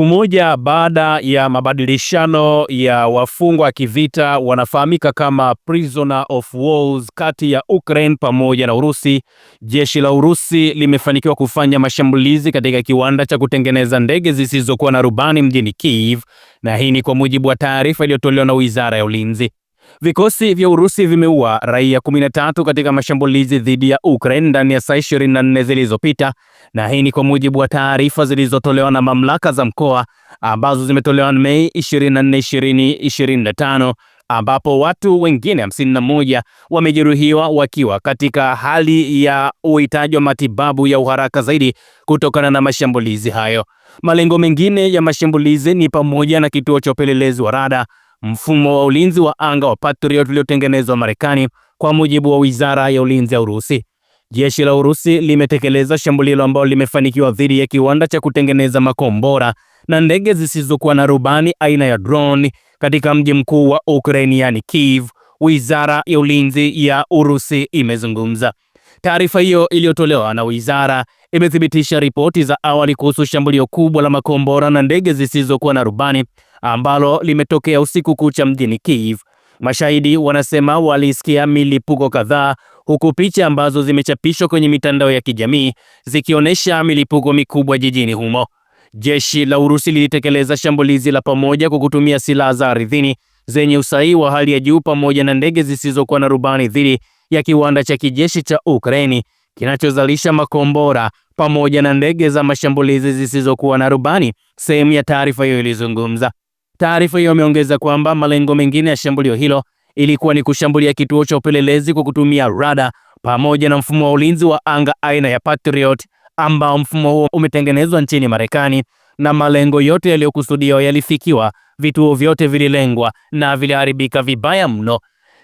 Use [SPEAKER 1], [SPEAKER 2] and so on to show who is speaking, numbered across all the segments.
[SPEAKER 1] Siku moja baada ya mabadilishano ya wafungwa wa kivita wanafahamika kama prisoner of wars kati ya Ukraine pamoja na Urusi, jeshi la Urusi limefanikiwa kufanya mashambulizi katika kiwanda cha kutengeneza ndege zisizokuwa na rubani mjini Kiev, na hii ni kwa mujibu wa taarifa iliyotolewa na Wizara ya Ulinzi. Vikosi vya Urusi vimeua raia 13 katika mashambulizi dhidi ya Ukraine ndani ya saa 24 zilizopita, na hii ni kwa mujibu wa taarifa zilizotolewa na mamlaka za mkoa ambazo zimetolewa Mei 24, 2025 ambapo watu wengine 51 wamejeruhiwa wakiwa katika hali ya uhitaji wa matibabu ya uharaka zaidi kutokana na mashambulizi hayo. Malengo mengine ya mashambulizi ni pamoja na kituo cha upelelezi wa rada mfumo wa ulinzi wa anga wa Patriot uliotengenezwa Marekani, kwa mujibu wa Wizara ya Ulinzi ya Urusi. Jeshi la Urusi limetekeleza shambulio ambalo limefanikiwa dhidi ya kiwanda cha kutengeneza makombora na ndege zisizokuwa na rubani aina ya drone katika mji mkuu wa Ukraine, yani Kiev, Wizara ya Ulinzi ya Urusi imezungumza. Taarifa hiyo iliyotolewa na wizara imethibitisha ripoti za awali kuhusu shambulio kubwa la makombora na ndege zisizokuwa na rubani ambalo limetokea usiku kucha mjini Kiev. Mashahidi wanasema walisikia milipuko kadhaa, huku picha ambazo zimechapishwa kwenye mitandao ya kijamii zikionyesha milipuko mikubwa jijini humo. Jeshi la Urusi lilitekeleza shambulizi la pamoja kwa kutumia silaha za ardhini zenye usahihi wa hali ya juu pamoja na ndege zisizokuwa na rubani dhidi ya kiwanda cha kijeshi cha Ukraini kinachozalisha makombora pamoja na ndege za mashambulizi zisizokuwa na rubani, sehemu ya taarifa hiyo ilizungumza. Taarifa hiyo imeongeza kwamba malengo mengine ya shambulio hilo ilikuwa ni kushambulia kituo cha upelelezi kwa kutumia rada pamoja na mfumo wa ulinzi wa anga aina ya Patriot ambao mfumo huo umetengenezwa nchini Marekani, na malengo yote yaliyokusudiwa yalifikiwa. Vituo vyote vililengwa na viliharibika vibaya mno.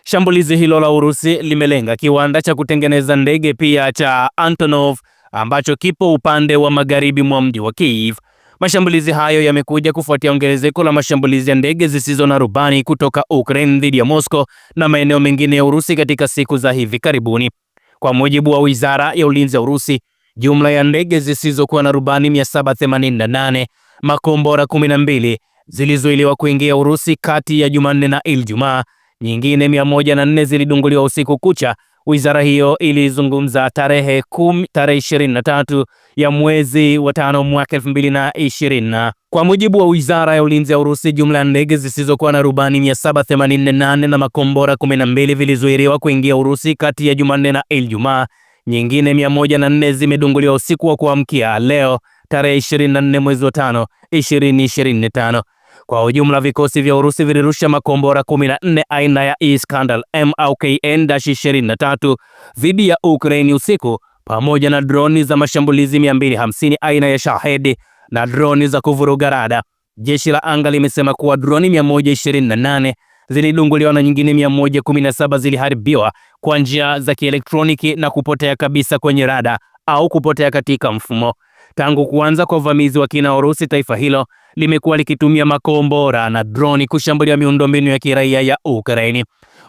[SPEAKER 1] Shambulizi hilo la Urusi limelenga kiwanda cha kutengeneza ndege pia cha Antonov ambacho kipo upande wa magharibi mwa mji wa Kiev. Mashambulizi hayo yamekuja kufuatia ongezeko la mashambulizi ya ndege zisizo na rubani kutoka Ukraine dhidi ya Moscow na maeneo mengine ya Urusi katika siku za hivi karibuni. Kwa mujibu wa Wizara ya Ulinzi ya Urusi, jumla ya ndege zisizokuwa na rubani 788, makombora 12 zilizuiliwa kuingia Urusi kati ya Jumanne na Ijumaa nyingine 104 zilidunguliwa usiku kucha. Wizara hiyo ilizungumza tarehe 10 tarehe 23 ya mwezi wa tano mwaka 2020. Kwa mujibu wa wizara ya ulinzi ya Urusi, jumla ya ndege zisizokuwa na rubani 788 na makombora 12 vilizuiriwa kuingia Urusi kati ya Jumanne na Ijumaa. Nyingine 104 zimedunguliwa usiku wa kuamkia leo tarehe 24 mwezi wa tano 2025. Kwa ujumla, vikosi vya Urusi vilirusha makombora 14 aina ya Iskandar M au KN-23 dhidi ya Ukraini usiku pamoja na droni za mashambulizi 250 aina ya Shahedi na droni za kuvuruga rada. Jeshi la anga limesema kuwa droni 128 zilidunguliwa na nyingine 117 ziliharibiwa kwa njia za kielektroniki na kupotea kabisa kwenye rada au kupotea katika mfumo. Tangu kuanza kwa uvamizi wa kina Urusi, taifa hilo limekuwa likitumia makombora na droni kushambulia miundombinu ya kiraia ya Ukraini.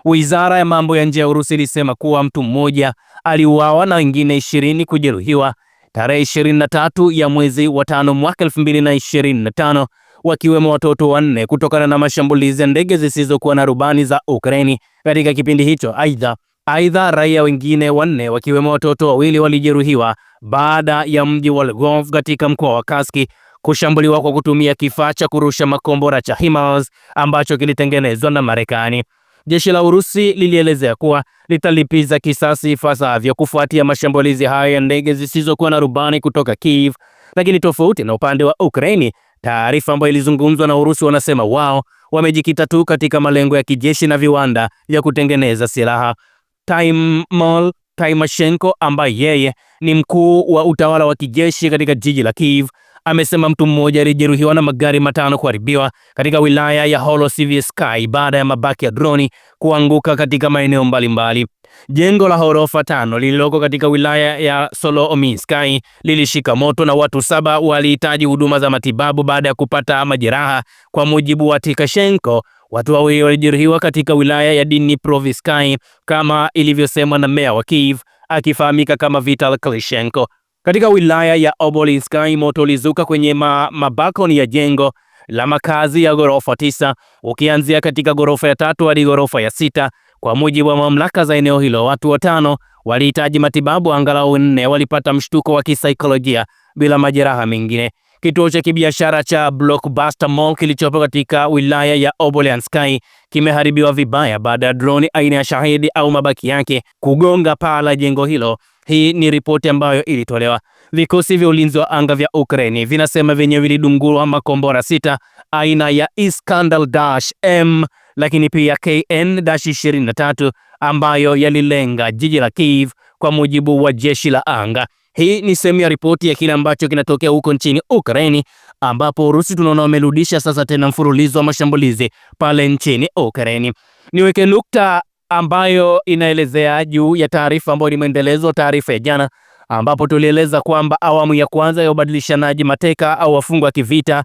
[SPEAKER 1] Wizara ya mambo ya nje ya Urusi ilisema kuwa mtu mmoja aliuawa na wengine 20 kujeruhiwa tarehe 23 ya mwezi wa tano mwaka 2025, wakiwemo watoto wanne kutokana na mashambulizi ya ndege zisizokuwa na rubani za Ukraini katika kipindi hicho. Aidha, aidha raia wengine wanne wakiwemo watoto wawili walijeruhiwa baada ya mji wa Lvov katika mkoa wa kaski kushambuliwa kwa kutumia kifaa cha kurusha makombora cha HIMARS ambacho kilitengenezwa na Marekani. Jeshi la Urusi lilielezea kuwa litalipiza kisasi ipasavyo kufuatia mashambulizi hayo ya ndege zisizokuwa na rubani kutoka Kiev, lakini tofauti na upande wa Ukraini, taarifa ambayo ilizungumzwa na Urusi wanasema wao wamejikita tu katika malengo ya kijeshi na viwanda vya kutengeneza silaha. Time Mall Tymoshenko ambaye yeye ni mkuu wa utawala wa kijeshi katika jiji la Kiev amesema mtu mmoja alijeruhiwa na magari matano kuharibiwa katika wilaya ya Holosivyisk baada ya mabaki ya droni kuanguka katika maeneo mbalimbali. Jengo la ghorofa tano lililoko katika wilaya ya Solomysk lilishika moto na watu saba walihitaji huduma za matibabu baada ya kupata majeraha, kwa mujibu wa Tikashenko, Watu wawili walijeruhiwa katika wilaya ya Dniprovskyi kama ilivyosemwa na meya wa Kiev akifahamika kama Vital Klitschko. Katika wilaya ya Obolinskyi moto ulizuka kwenye ma mabakoni ya jengo la makazi ya ghorofa tisa ukianzia katika ghorofa ya tatu hadi ghorofa ya sita. Kwa mujibu wa mamlaka za eneo hilo, watu watano walihitaji matibabu, angalau nne walipata mshtuko wa kisaikolojia bila majeraha mengine. Kituo cha kibiashara cha Blockbuster Mall kilichopo katika wilaya ya Obolensky kimeharibiwa vibaya baada ya droni aina ya Shahidi au mabaki yake kugonga paa la jengo hilo. Hii ni ripoti ambayo ilitolewa. Vikosi vya ulinzi wa anga vya Ukraini vinasema vyenyewe vilidungurwa makombora sita aina ya Iskandar-M lakini pia KN-23 ambayo yalilenga jiji la Kiev kwa mujibu wa jeshi la anga. Hii ni sehemu ya ripoti ya kile ambacho kinatokea huko nchini Ukraini, ambapo Urusi tunaona wamerudisha sasa tena mfululizo wa mashambulizi pale nchini Ukraini. Niweke nukta ambayo inaelezea juu ya taarifa ambayo ni mwendelezo taarifa ya jana, ambapo tulieleza kwamba awamu ya kwanza ya ubadilishanaji mateka au wafungwa kivita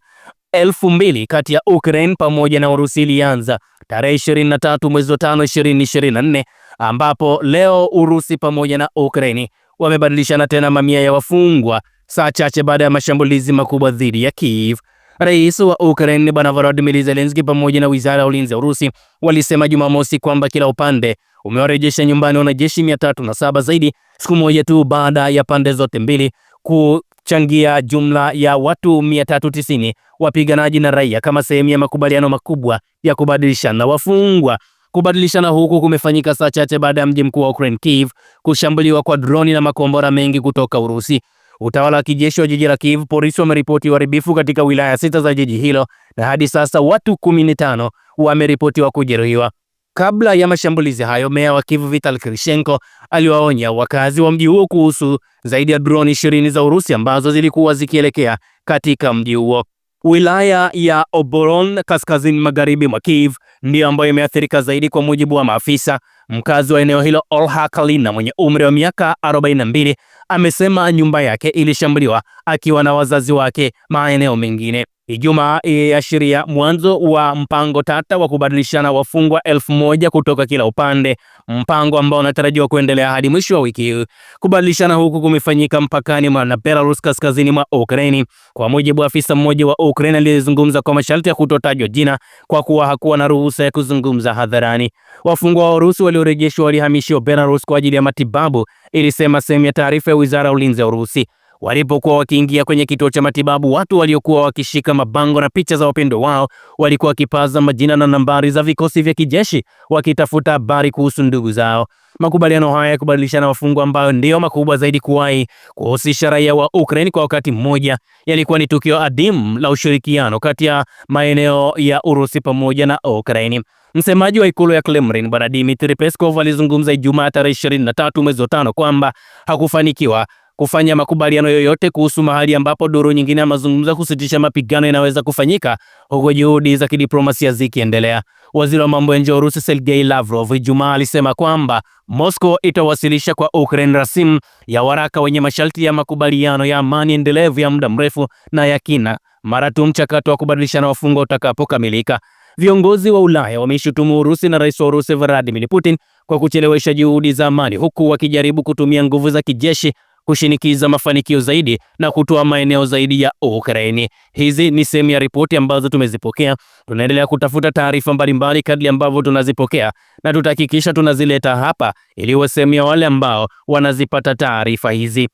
[SPEAKER 1] elfu mbili kati ya Ukraine pamoja na Urusi ilianza tarehe 23 mwezi wa 5 2024, ambapo leo Urusi pamoja na Ukraine wamebadilishana tena mamia ya wafungwa saa chache baada ya mashambulizi makubwa dhidi ya Kiev. Rais wa Ukraine Bwana Volodymyr Zelensky pamoja na wizara ya ulinzi ya Urusi walisema Jumamosi kwamba kila upande umewarejesha nyumbani wanajeshi 307 zaidi siku moja tu baada ya pande zote mbili kuchangia jumla ya watu 390 wapiganaji na raia kama sehemu ya makubaliano makubwa ya kubadilishana wafungwa. Kubadilishana huku kumefanyika saa chache baada ya mji mkuu wa Ukraine Kiev kushambuliwa kwa droni na makombora mengi kutoka Urusi. Utawala wa kijeshi wa jiji la Kiev, polisi wameripoti uharibifu katika wilaya sita za jiji hilo na hadi sasa watu 15 wameripotiwa kujeruhiwa. Kabla ya mashambulizi hayo, meya wa Kiev Vital Krishenko aliwaonya wakazi wa mji huo kuhusu zaidi ya droni 20 za Urusi ambazo zilikuwa zikielekea katika mji huo. Wilaya ya Oboron kaskazini magharibi mwa Kiev ndiyo ambayo imeathirika zaidi kwa mujibu wa maafisa. Mkazi wa eneo hilo Olha Kalina mwenye umri wa miaka 42 amesema nyumba yake ilishambuliwa akiwa na wazazi wake maeneo mengine. Ijumaa iliashiria eh, mwanzo wa mpango tata wa kubadilishana wafungwa elfu moja kutoka kila upande, mpango ambao unatarajiwa kuendelea hadi mwisho wa wiki hii. Kubadilishana huku kumefanyika mpakani mwa Belarus kaskazini mwa Ukraini, kwa mujibu wa afisa mmoja wa Ukraine aliyezungumza kwa masharti ya kutotajwa jina, kwa kuwa hakuwa na ruhusa ya kuzungumza hadharani. Wafungwa wa Urusi waliorejeshwa walihamishiwa Belarus kwa ajili ya matibabu, ilisema sehemu ya taarifa ya wizara ya ulinzi ya Urusi. Walipokuwa wakiingia kwenye kituo cha matibabu, watu waliokuwa wakishika mabango na picha za wapendo wao walikuwa wakipaza majina na nambari za vikosi vya kijeshi, wakitafuta habari kuhusu ndugu zao. Makubaliano haya ya kubadilishana wafungwa, ambayo ndiyo makubwa zaidi kuwahi kuhusisha raia wa Ukraine kwa wakati mmoja, yalikuwa ni tukio adimu la ushirikiano kati ya maeneo ya Urusi pamoja na Ukraine. Msemaji wa ikulu ya Kremlin Bwana Dmitry Peskov alizungumza Ijumaa tarehe 23 mwezi wa 5 kwamba hakufanikiwa kufanya makubaliano yoyote kuhusu mahali ambapo duru nyingine ya mazungumzo ya kusitisha mapigano inaweza kufanyika huku juhudi za kidiplomasia zikiendelea. Waziri wa mambo ya nje wa Urusi Sergei Lavrov Ijumaa alisema kwamba Moscow itawasilisha kwa Ukraine rasimu ya waraka wenye masharti ya makubaliano ya amani endelevu ya muda mrefu na ya kina mara tu mchakato wa kubadilishana wafungwa utakapokamilika. Viongozi wa Ulaya wameishutumu Urusi na rais wa Urusi Vladimir Putin kwa kuchelewesha juhudi za amani huku wakijaribu kutumia nguvu za kijeshi kushinikiza mafanikio zaidi na kutoa maeneo zaidi ya Ukraini. Hizi ni sehemu ya ripoti ambazo tumezipokea. Tunaendelea kutafuta taarifa mbalimbali kadri ambavyo tunazipokea na tutahakikisha tunazileta hapa ili iwe sehemu ya wale ambao wanazipata taarifa hizi.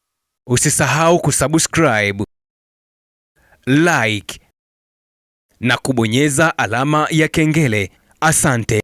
[SPEAKER 1] Usisahau kusubscribe, like na kubonyeza alama ya kengele. Asante.